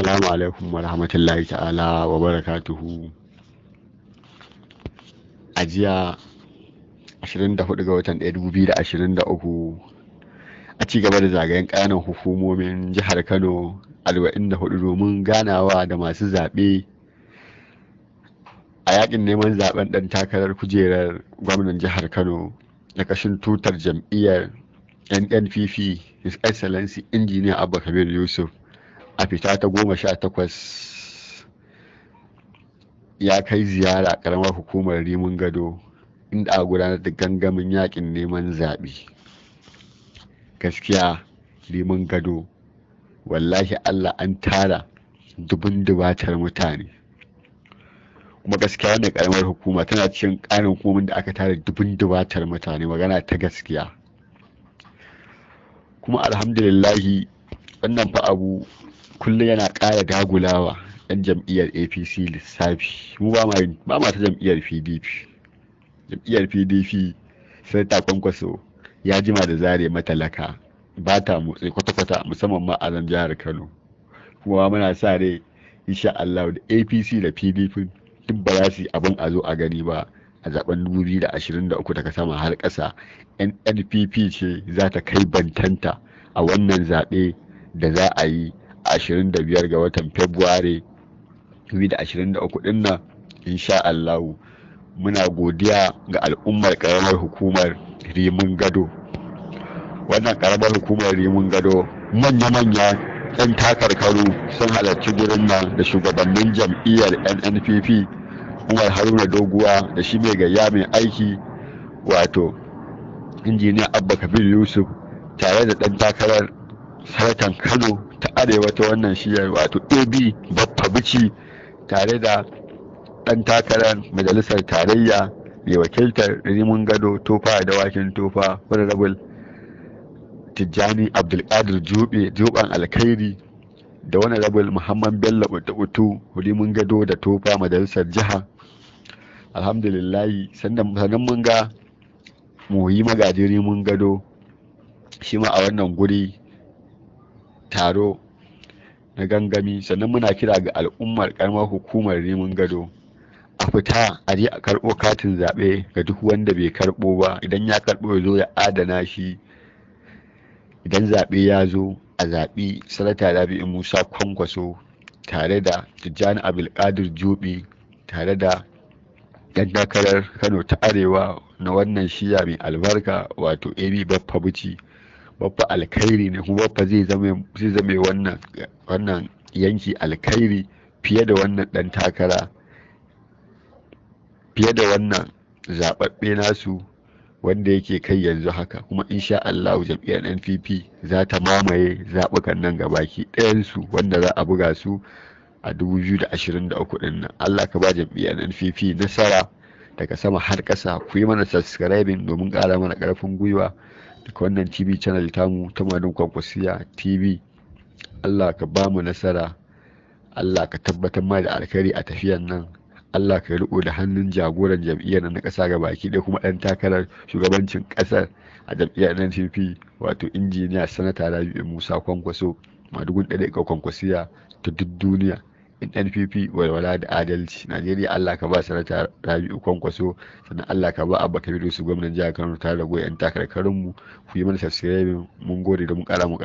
Assalamu alaikum wa rahmatullahi ta'ala wa barakatuhu. A jiya 24 ga watan 2023 a ci gaba da zagayen kananan hukumomin jihar Kano 44 domin ganawa da masu zaɓe a yakin neman zaben ɗan takarar kujerar gwamnan jihar Kano da kashin tutar jam'iyyar NNPP His Excellency Injiniya Abba Kabir Yusuf a fita ta goma sha takwas ya kai ziyara karamar hukumar rimin gado inda a gudanar da gangamin yakin neman zaɓe gaskiya rimin gado wallahi allah an tara dubun dubatar mutane kuma gaskiya wannan karamar hukuma tana cikin ƙarin hukumomin da aka tara dubun dubatar mutane magana ta gaskiya kuma alhamdulillahi wannan fa abu kullum yana ƙara dagulawa 'yan jam'iyyar apc lissafi mu ba ma jam'iyyar pdp jam'iyyar pdp sai ta kwankwaso ya jima da zare matalaka ba ta motsi kwata-kwata musamman ma a nan jihar kano kuma muna sa rai insha Allah da apc da pdp duk ba za su yi abin a zo a gani ba a zaben 2023 daga sama har ƙasa nnpp ce za ta kai bantanta a wannan zaɓe da za a yi 25 ga watan Februari 2023 din nan insha Allahu muna godiya ga al'ummar karamar hukumar Rimin Gado wannan karamar hukumar Rimin Gado manya-manya 'yan takarkaru sun halarci gurin nan da shugabannin jam'iyyar NNPP Umar Haruna Doguwa da shi mai gayya mai aiki wato injiniya Abba Kabir Yusuf tare da ɗan takarar saratan Kano arewa ta wannan shiyar wato ab baffa bici tare da ɗan takarar majalisar tarayya mai wakiltar rimin gado tofa da wakin tofa honorable tijjani abdulkadir jube juban alkhairi da honorable muhammad bello utu rimin gado da tofa majalisar jiha alhamdulillahi sannan mun ga muyi magajin rimin gado shi ma a wannan guri taro na gangami sannan muna kira ga al'ummar karamar hukumar neman gado a fita a je a karɓo katin zaɓe ga duk wanda bai karɓo ba idan ya karbo ya zo ya adana shi idan zaɓe ya zo a zaɓi salata rabi'in musa kwankwaso tare da tijjani abdulkadir jobi tare da yan takarar kano ta arewa na wannan shiya mai albarka wato ab baffabuci baffa alkhairi ne kuma baffa zai zame wannan yanki alkhairi fiye da wannan dan takara fiye da wannan zababbe nasu wanda yake kai yanzu haka kuma insha Allah jam'iyyar NPP za ta mamaye zaɓukan nan gabaki ɗayansu wanda za a buga su a 2023 ɗin nan Allah ka ba jam'iyyar NPP nasara daga sama har ƙasa ku yi mana subscribing domin ƙara mana ƙarfin gwiwa daga wannan tv channel tamu ta madun kwankwasiya tv allah ka ba mu nasara allah ka tabbatar ma da alkari a tafiyan nan allah ka riko da hannun jagoran jam'iyyar na kasa ga baki da kuma ɗan takarar shugabancin ƙasar a jam'iyyar npp wato injiniya sanata rabi'u musa kwankwaso madugun ɗaya ga kwankwasiya ta duk duniya NPP walwala da adalci Najeriya Allah ka ba sanata Rabi'u Kwankwaso sannan Allah ka ba Abba Kabiru su gwamnan jihar Kano tare da goyon takarkarin mu ku yi mana subscribe mun gode da mun kara mu